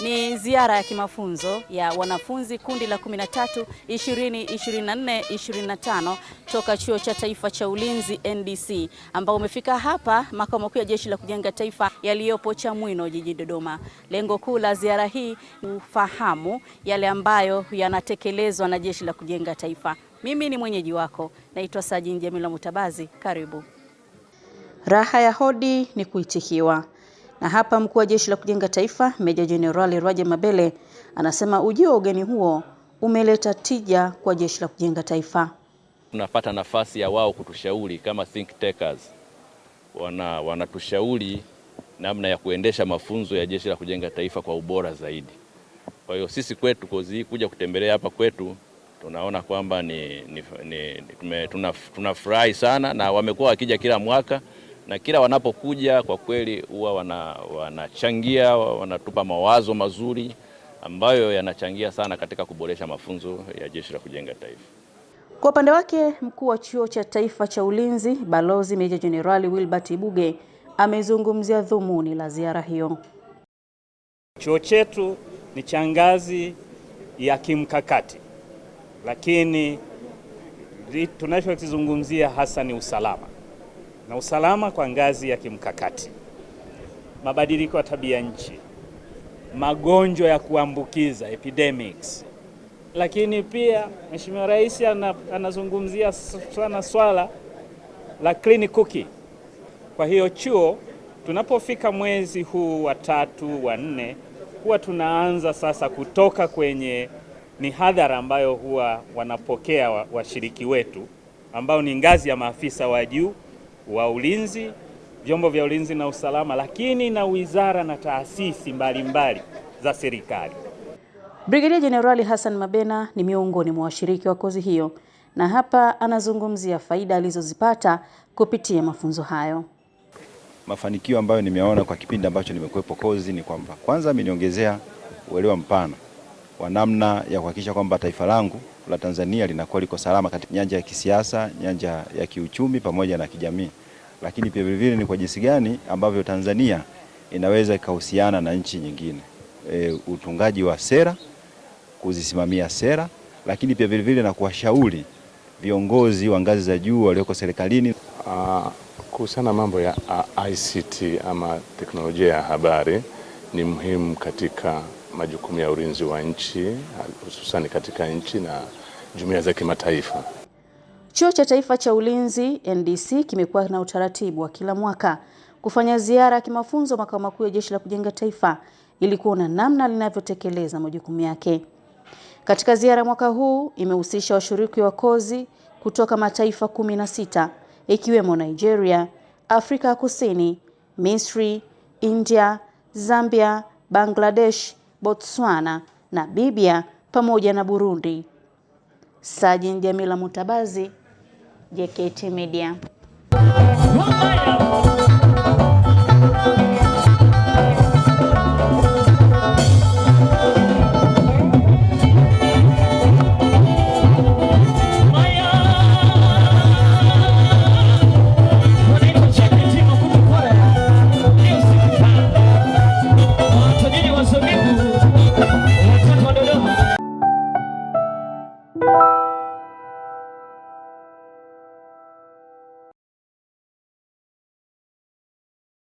Ni ziara ya kimafunzo ya wanafunzi kundi la 13 20 24 25 toka Chuo cha Taifa cha Ulinzi NDC ambao umefika hapa makao makuu ya Jeshi la Kujenga Taifa yaliyopo Chamwino jijini Dodoma. Lengo kuu la ziara hii kufahamu yale ambayo yanatekelezwa na Jeshi la Kujenga Taifa. Mimi ni mwenyeji wako, naitwa Sajini Jamila Mutabazi. Karibu. Raha ya hodi ni kuitikiwa. Na hapa mkuu wa Jeshi la Kujenga Taifa Meja Jenerali Roger Mabele anasema ujio wa ugeni huo umeleta tija kwa Jeshi la Kujenga Taifa. Tunapata nafasi ya wao kutushauri kama think takers, wana wanatushauri namna ya kuendesha mafunzo ya Jeshi la Kujenga Taifa kwa ubora zaidi. Kwa hiyo sisi kwetu kozi kuja kutembelea hapa kwetu tunaona kwamba ni, ni, ni, tunafurahi sana na wamekuwa wakija kila mwaka na kila wanapokuja kwa kweli huwa wanachangia, wanatupa mawazo mazuri ambayo yanachangia sana katika kuboresha mafunzo ya Jeshi la Kujenga Taifa. Kwa upande wake, mkuu wa Chuo cha Taifa cha Ulinzi Balozi Meja Jenerali Wilbert Ibuge amezungumzia dhumuni la ziara hiyo. Chuo chetu ni changazi ya kimkakati, lakini tunachokizungumzia hasa ni usalama na usalama kwa ngazi ya kimkakati, mabadiliko ya tabia nchi, magonjwa ya kuambukiza epidemics. Lakini pia Mheshimiwa Rais anazungumzia sana swala la clean cookie. Kwa hiyo chuo tunapofika mwezi huu wa tatu wa nne huwa tunaanza sasa kutoka kwenye mihadhara ambayo huwa wanapokea washiriki wa wetu ambao ni ngazi ya maafisa wa juu wa ulinzi, vyombo vya ulinzi na usalama, lakini na wizara na taasisi mbalimbali mbali za serikali. Brigedia Jenerali Hassan Mabena ni miongoni mwa washiriki wa kozi hiyo na hapa anazungumzia faida alizozipata kupitia mafunzo hayo. Mafanikio ambayo nimeona kwa kipindi ambacho nimekuwepo kozi ni kwamba kwanza ameniongezea uelewa mpana wa namna ya kuhakikisha kwamba taifa langu la Tanzania linakuwa liko salama katika nyanja ya kisiasa, nyanja ya kiuchumi pamoja na kijamii lakini pia vilevile ni kwa jinsi gani ambavyo Tanzania inaweza ikahusiana na nchi nyingine e, utungaji wa sera, kuzisimamia sera, lakini pia vilevile na kuwashauri viongozi wa ngazi za juu walioko serikalini kuhusiana na mambo ya ICT ama teknolojia ya habari ni muhimu katika majukumu ya ulinzi wa nchi hususani katika nchi na jumuiya za kimataifa. Chuo cha Taifa cha Ulinzi NDC kimekuwa na utaratibu wa kila mwaka kufanya ziara ya kimafunzo makao makuu ya Jeshi la Kujenga Taifa ili kuona namna linavyotekeleza majukumu yake. Katika ziara mwaka huu imehusisha washiriki wa kozi kutoka mataifa kumi na sita ikiwemo Nigeria, Afrika ya Kusini, Misri, India, Zambia, Bangladesh, Botswana, Namibia pamoja na Burundi. sajin Jamila Mutabazi JKT Media.